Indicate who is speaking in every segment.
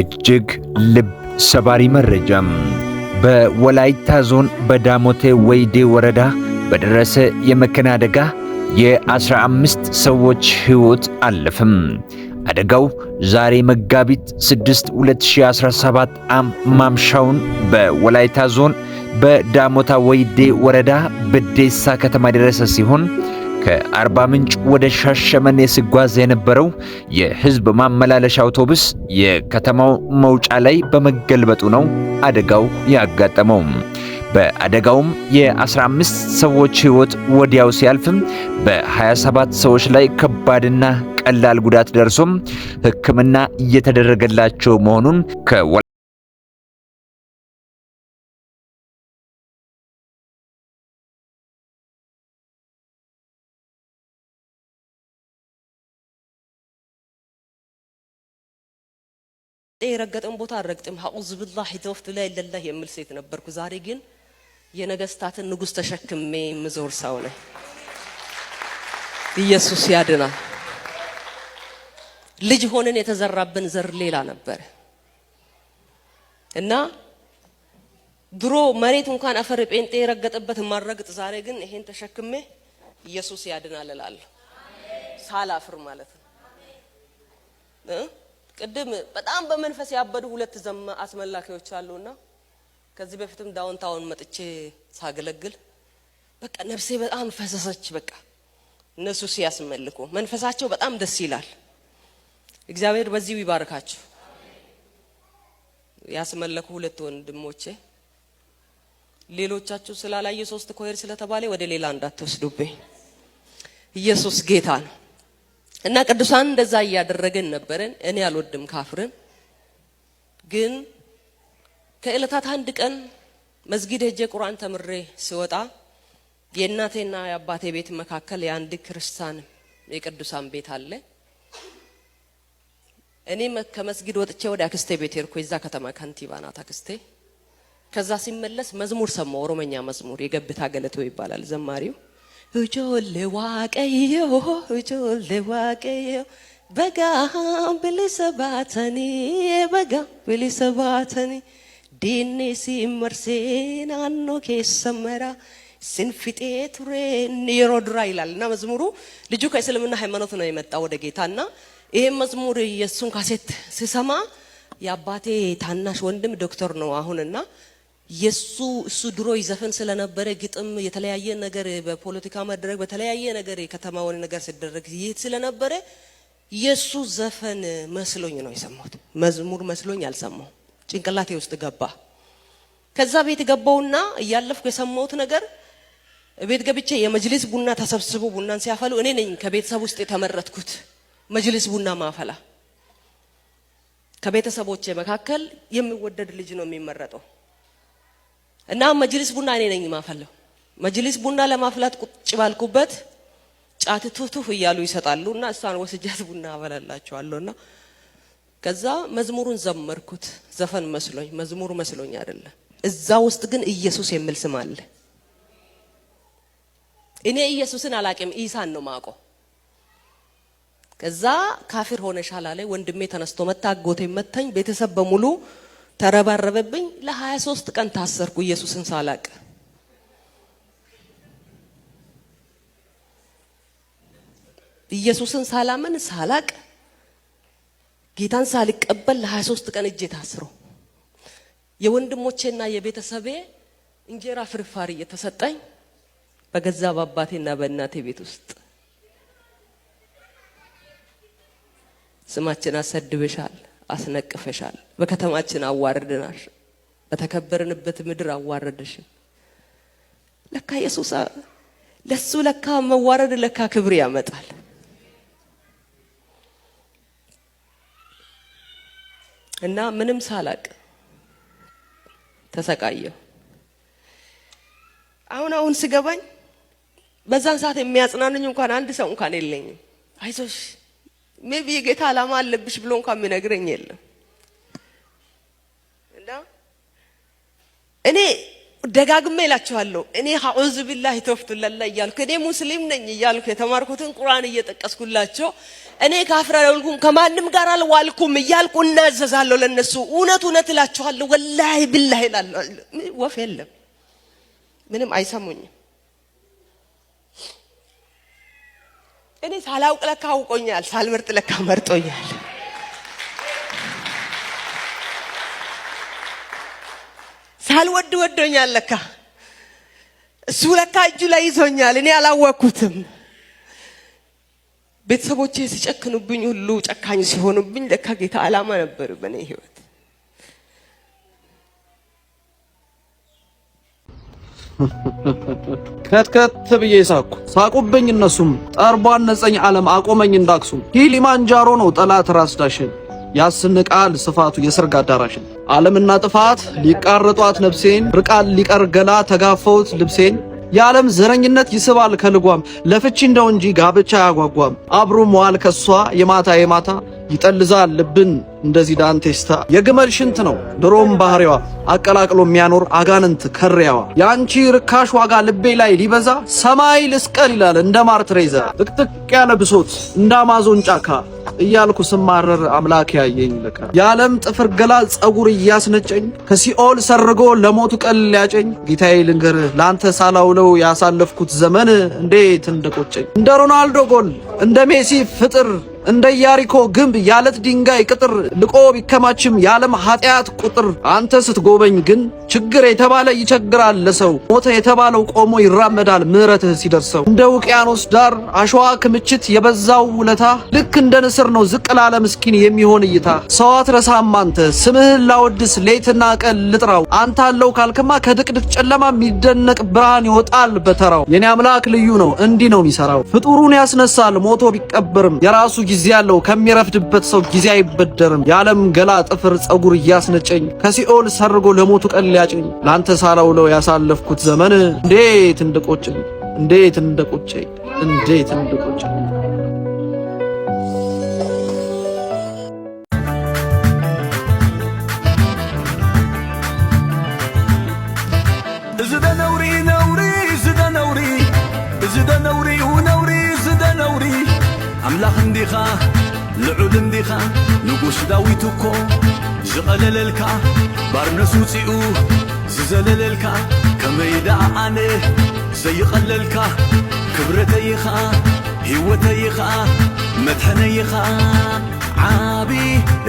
Speaker 1: እጅግ ልብ ሰባሪ መረጃም በወላይታ ዞን በዳሞቴ ወይዴ ወረዳ በደረሰ የመኪና አደጋ የ15 ሰዎች ሕይወት አለፈም። አደጋው ዛሬ መጋቢት 6 2017 ዓ.ም ማምሻውን በወላይታ ዞን በዳሞታ ወይዴ ወረዳ በዴሳ ከተማ የደረሰ ሲሆን ከአርባ ምንጭ ወደ ሻሸመኔ ሲጓዝ የነበረው የህዝብ ማመላለሻ አውቶቡስ የከተማው መውጫ ላይ በመገልበጡ ነው አደጋው ያጋጠመው። በአደጋውም የ15 ሰዎች ህይወት ወዲያው ሲያልፍም በ27 ሰዎች ላይ ከባድና ቀላል ጉዳት ደርሶም ሕክምና እየተደረገላቸው መሆኑን ከወ
Speaker 2: የረገጠን ቦታ አልረግጥም ሀኡዝ ብላህ የተወፍት ላይ ለላህ የምል ሴት ነበርኩ። ዛሬ ግን የነገስታትን ንጉስ ተሸክሜ የምዞር ሰው ነኝ። ኢየሱስ ያድናል። ልጅ ሆነን የተዘራብን ዘር ሌላ ነበር እና ድሮ መሬት እንኳን አፈር ጴንጤ የረገጠበት ማረግጥ፣ ዛሬ ግን ይሄን ተሸክሜ ኢየሱስ ያድናል እላለሁ። ሳላፍር ማለት ነው። ቅድም በጣም በመንፈስ ያበዱ ሁለት ዘማ አስመላኪዎች አሉና ከዚህ በፊትም ዳውንታውን መጥቼ ሳገለግል በቃ ነፍሴ በጣም ፈሰሰች። በቃ እነሱ ሲያስመልኩ መንፈሳቸው በጣም ደስ ይላል። እግዚአብሔር በዚህ ይባርካችሁ። ያስመለኩ ሁለት ወንድሞቼ፣ ሌሎቻችሁ ስላላየ ሶስት ኮሄር ስለተባለ ወደ ሌላ እንዳትወስዱብኝ። ኢየሱስ ጌታ ነው። እና ቅዱሳን እንደዛ እያደረገን ነበረን። እኔ አልወድም ካፍርን። ግን ከእለታት አንድ ቀን መስጊድ ሄጄ ቁርአን ተምሬ ስወጣ የእናቴና የአባቴ ቤት መካከል የአንድ ክርስቲያን የቅዱሳን ቤት አለ። እኔ ከመስጊድ ወጥቼ ወደ አክስቴ ቤት ሄድኩ። የዛ ከተማ ከንቲባ ናት አክስቴ። ከዛ ሲመለስ መዝሙር ሰማ ኦሮመኛ መዝሙር የገብታ ገለቶ ይባላል ዘማሪው Ijoollee waaqayyoo ijoollee waaqayyoo bagaan bilisa baatanii bagaan bilisa baatanii diinni isin marsee naannoo keessa maraa sin fixee ture yeroo duraa ይላል እና መዝሙሩ ልጁ ከእስልምና ሃይማኖት ነው የመጣ ወደ ጌታና ይህም መዝሙር የእሱን ካሴት ስሰማ የአባቴ ታናሽ ወንድም ዶክተር ነው አሁንና የሱ እሱ ድሮ ይዘፈን ስለነበረ ግጥም የተለያየ ነገር በፖለቲካ መድረክ በተለያየ ነገር የከተማውን ነገር ሲደረግ ይህ ስለነበረ የሱ ዘፈን መስሎኝ ነው የሰማሁት። መዝሙር መስሎኝ አልሰማው፣ ጭንቅላቴ ውስጥ ገባ። ከዛ ቤት ገባውና እያለፍኩ የሰማሁት ነገር ቤት ገብቼ የመጅልስ ቡና ተሰብስቦ ቡናን ሲያፈሉ እኔ ነኝ ከቤተሰብ ውስጥ የተመረጥኩት መጅልስ ቡና ማፈላ። ከቤተሰቦቼ መካከል የሚወደድ ልጅ ነው የሚመረጠው። እና መጅልስ ቡና እኔ ነኝ ማፈለው። መጅልስ ቡና ለማፍላት ቁጭ ባልኩበት ጫት ቱቱፍ እያሉ ይሰጣሉ እና እሷን ወስጃት ቡና አበላላቸዋለሁና ከዛ መዝሙሩን ዘመርኩት። ዘፈን መስሎኝ መዝሙር መስሎኝ አይደለም። እዛ ውስጥ ግን ኢየሱስ የሚል ስም አለ። እኔ ኢየሱስን አላቅም፣ ኢሳን ነው ማቆ። ከዛ ካፊር ሆነሻል አለ ወንድሜ። ተነስቶ መታ፣ አጎቴ መታኝ፣ ቤተሰብ በሙሉ ተረባረበብኝ። ለ23 ቀን ታሰርኩ ኢየሱስን ሳላቅ። ኢየሱስን ሳላምን ሳላቅ ጌታን ሳልቀበል ለ23 ቀን እጄ ታስሮ የወንድሞቼና የቤተሰቤ እንጀራ ፍርፋሪ እየተሰጠኝ በገዛ በአባቴና በእናቴ ቤት ውስጥ ስማችን አሰድብሻል። አስነቅፈሻል። በከተማችን አዋርድናሽ፣ በተከበርንበት ምድር አዋረድሽን። ለካ ኢየሱስ ለሱ ለካ መዋረድ ለካ ክብር ያመጣል። እና ምንም ሳላቅ ተሰቃየሁ። አሁን አሁን ስገባኝ በዛን ሰዓት የሚያጽናንኝ እንኳን አንድ ሰው እንኳን የለኝም። አይዞሽ ሜቢ የጌታ ዓላማ አለብሽ ብሎ እንኳን የሚነግረኝ የለም። እና እኔ ደጋግሜ እላችኋለሁ እኔ አዑዙ ቢላሂ ተወፍቱላላ እያልኩ እኔ ሙስሊም ነኝ እያልኩ የተማርኩትን ቁርአን እየጠቀስኩላቸው እኔ ካፍር አላልኩም ከማንም ጋር አልዋልኩም እያልኩ እናዘዛለሁ ለነሱ። እውነት እውነት እላችኋለሁ ወላሂ ቢላሂ እላለሁ። ወፍ የለም ምንም አይሰሙኝም። እኔ ሳላውቅ ለካ አውቆኛል፣ ሳልመርጥ ለካ መርጦኛል። ሳልወድ ወዶኛል ለካ እሱ ለካ እጁ ላይ ይዞኛል፣ እኔ አላወቅኩትም። ቤተሰቦቼ ሲጨክኑብኝ ሁሉ ጨካኝ ሲሆኑብኝ ለካ ጌታ አላማ ነበር በእኔ ህይወት
Speaker 3: ከትከት ብዬ ሳኩ ሳቁብኝ። እነሱም ጠርቧን ነጸኝ ዓለም አቆመኝ እንዳክሱም ኪሊማንጃሮ ነው ጠላት ራስ ዳሽን ያስንቃል ስፋቱ የሰርግ አዳራሽን ዓለምና ጥፋት ሊቃርጧት ነፍሴን ርቃል ሊቀር ገላ ተጋፈውት ልብሴን የዓለም ዘረኝነት ይስባል ከልጓም ለፍቺ እንደው እንጂ ጋብቻ አያጓጓም አብሮ መዋል ከሷ የማታ የማታ ይጠልዛል ልብን እንደዚህ ዳንቴስታ የግመል ሽንት ነው ድሮም ባህሪዋ አቀላቅሎ የሚያኖር አጋንንት ከሪያዋ የአንቺ ርካሽ ዋጋ ልቤ ላይ ሊበዛ ሰማይ ልስቀል ይላል እንደ ማር ጥቅጥቅ ያለ ብሶት እንደ አማዞን ጫካ እያልኩ ስማረር አምላክ ያየኝ ለካ የዓለም ጥፍር ገላል ጸጉር እያስነጨኝ ከሲኦል ሰርጎ ለሞቱ ቀል ሊያጨኝ ጌታዬ ልንገር ለአንተ ሳላውለው ያሳለፍኩት ዘመን እንዴት እንደቆጨኝ እንደ ሮናልዶ ጎል እንደ ሜሲ ፍጥር እንደ ኢያሪኮ ግንብ ያለት ድንጋይ ቅጥር ልቆ ቢከማችም የዓለም ኃጢአት ቁጥር አንተ ስትጎበኝ ግን ችግር የተባለ ይቸግራል ለሰው ሞተ የተባለው ቆሞ ይራመዳል ምሕረትህ ሲደርሰው እንደ ውቅያኖስ ዳር አሸዋ ክምችት የበዛው ውለታ ልክ እንደ ንስር ነው ዝቅ ላለ ምስኪን የሚሆን እይታ ሰው አትረሳም አንተ ስምህን ላወድስ ሌትና ቀን ልጥራው አንተ አለው ካልከማ ከድቅድቅ ጨለማ የሚደነቅ ብርሃን ይወጣል በተራው የኔ አምላክ ልዩ ነው እንዲህ ነው የሚሰራው ፍጡሩን ያስነሳል ሞቶ ቢቀበርም የራሱ ጊዜ አለው፣ ከሚረፍድበት ሰው ጊዜ አይበደርም። የዓለም ገላ ጥፍር ጸጉር እያስነጨኝ ከሲኦል ሰርጎ ለሞቱ ቀን ሊያጭኝ ለአንተ ሳላውለው ያሳለፍኩት ዘመን እንዴት እንደቆጨኝ እንዴት እንደቆጨኝ እንዴት እንደቆጨኝ። ነውሪ ሁነ ኣምላኽ እንዲኻ ልዑል እንዲኻ ንጉሥ ዳዊት እኮ ዝቐለለልካ ባርነሱ ውፂኡ ዝዘለለልካ ከመይ ደኣ ኣነ ዘይቐለልካ
Speaker 4: ክብረተይኻ ሕይወተይኻ መድሐነይኻ ዓቢ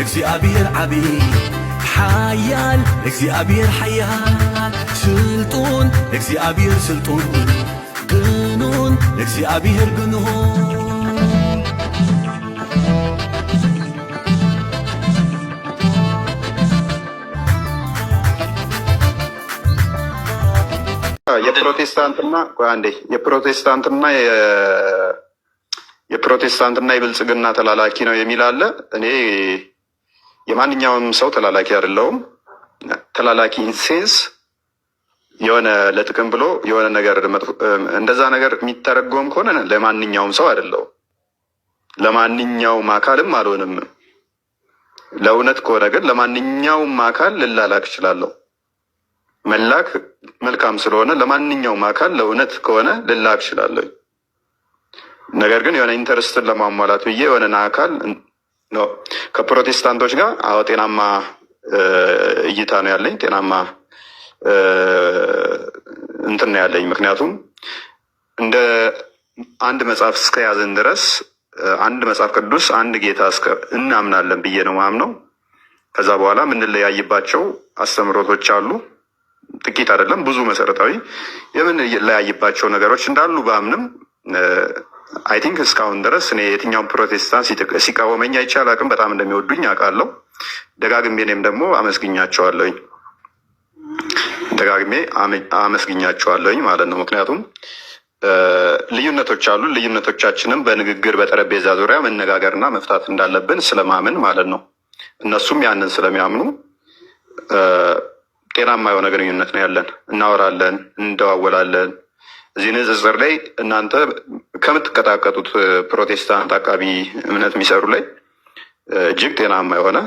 Speaker 4: እግዚኣብሔር ዓቢ ሓያል እግዚኣብሔር ሓያል ስልጡን እግዚኣብሔር ስልጡን ግኑን እግዚኣብሔር ግኑን የፕሮቴስታንትና አንዴ የፕሮቴስታንትና የፕሮቴስታንትና የብልጽግና ተላላኪ ነው የሚል አለ። እኔ የማንኛውም ሰው ተላላኪ አይደለሁም። ተላላኪ ኢንሴንስ የሆነ ለጥቅም ብሎ የሆነ ነገር እንደዛ ነገር የሚተረጎም ከሆነ ለማንኛውም ሰው አይደለሁም፣ ለማንኛውም አካልም አልሆንም። ለእውነት ከሆነ ግን ለማንኛውም አካል ልላላክ እችላለሁ። መላክ መልካም ስለሆነ ለማንኛውም አካል ለእውነት ከሆነ ልላክ እችላለሁ። ነገር ግን የሆነ ኢንተርስትን ለማሟላት ብዬ የሆነን አካል ከፕሮቴስታንቶች ጋር አዎ፣ ጤናማ እይታ ነው ያለኝ፣ ጤናማ እንትን ነው ያለኝ። ምክንያቱም እንደ አንድ መጽሐፍ እስከያዝን ድረስ አንድ መጽሐፍ ቅዱስ አንድ ጌታ እናምናለን ብዬ ነው ማምነው። ከዛ በኋላ የምንለያይባቸው አስተምሮቶች አሉ። ጥቂት አይደለም ብዙ መሰረታዊ የምንለያይባቸው ነገሮች እንዳሉ በአምንም አይ ቲንክ እስካሁን ድረስ እኔ የትኛውን ፕሮቴስታንት ሲቃወመኝ አይቼ አላውቅም። በጣም እንደሚወዱኝ አውቃለሁ። ደጋግሜ እኔም ደግሞ አመስግኛቸዋለሁኝ ደጋግሜ አመስግኛቸዋለሁኝ ማለት ነው። ምክንያቱም ልዩነቶች አሉ። ልዩነቶቻችንም በንግግር በጠረጴዛ ዙሪያ መነጋገርና መፍታት እንዳለብን ስለማምን ማለት ነው። እነሱም ያንን ስለሚያምኑ ጤናማ የሆነ ግንኙነት ነው ያለን። እናወራለን፣ እንደዋወላለን። እዚህ ንጽጽር ላይ እናንተ ከምትቀጣቀጡት ፕሮቴስታንት አቃቢ እምነት የሚሰሩ ላይ እጅግ ጤናማ የሆነ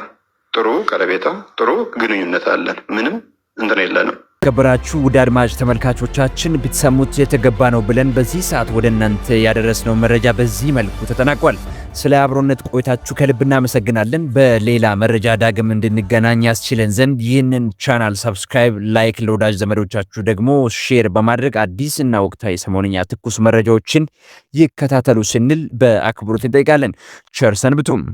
Speaker 4: ጥሩ ቀረቤታ፣ ጥሩ ግንኙነት አለን። ምንም እንትን የለንም።
Speaker 5: ከበራችሁ ውድ አድማጭ ተመልካቾቻችን ብትሰሙት የተገባ ነው ብለን በዚህ ሰዓት ወደ እናንተ ያደረስነው መረጃ በዚህ መልኩ ተጠናቋል። ስለ አብሮነት ቆይታችሁ ከልብ እናመሰግናለን። በሌላ መረጃ ዳግም እንድንገናኝ ያስችለን ዘንድ ይህንን ቻናል ሰብስክራይብ፣ ላይክ፣ ለወዳጅ ዘመዶቻችሁ ደግሞ ሼር በማድረግ አዲስ እና ወቅታዊ ሰሞንኛ ትኩስ መረጃዎችን ይከታተሉ ስንል በአክብሮት እንጠይቃለን። ቸር ሰንብቱም።